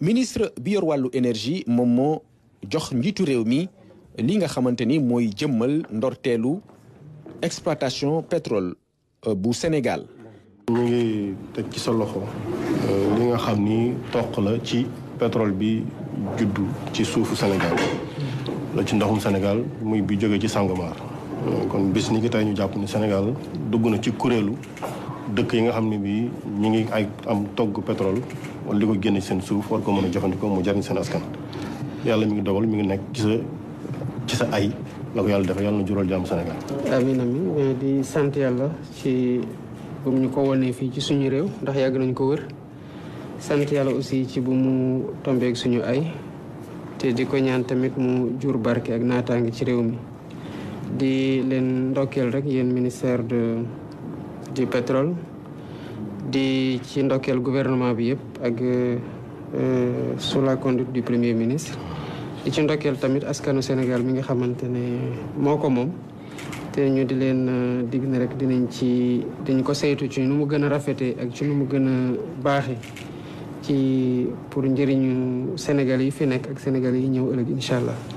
ministre bi yor wàllu énergie moom moo jox njiitu réew mi li nga xamante ni mooy jëmmal ndorteelu exploitation pétrole euh, bu Sénégal. ñu ngi teg ci sa loxo euh, li nga xam ni toq la ci pétrole bi juddu ci suufu Sénégal la ci ndoxum Sénégal muy bi jóge ci Sangomar euh, kon bis ni ki tey ñu jàpp ni Sénégal dugg na ci kuréelu dëkk yi nga xam ne bii ñu ngi ay am togg pétrole wala li ko génne seen suuf war ko mën a jëfandikoo mu jariñ seen askan yàlla mi ngi dogal mi ngi nekk ci sa ci sa ay la ko yàlla defee yàlla na jural Sénégal amin amin mais di sant yàlla ci bu ñu ko wonee fii ci suñu réew ndax yàgg nañ ko wër sant yàlla aussi ci bu mu tombeeg suñu ay te di ko ñaan tamit mu jur barke ak naataange ci réew mi di leen ndokkeel rek yéen ministère de du pétrole di ci ndokkeel gouvernement bi yëpp ak euh, sous la conduite du premier ministre di ci ndokkeel tamit askanu Sénégal mi nga xamante ne moo ko moom te ñu di leen euh, digg ne rek dinañ ci dañ ko saytu ci nu mu gën a rafetee ak ci nu mu gën a baaxee ci pour njëriñu Sénégal yi fi nekk ak Sénégal yi ñëw ëllëg incha allah.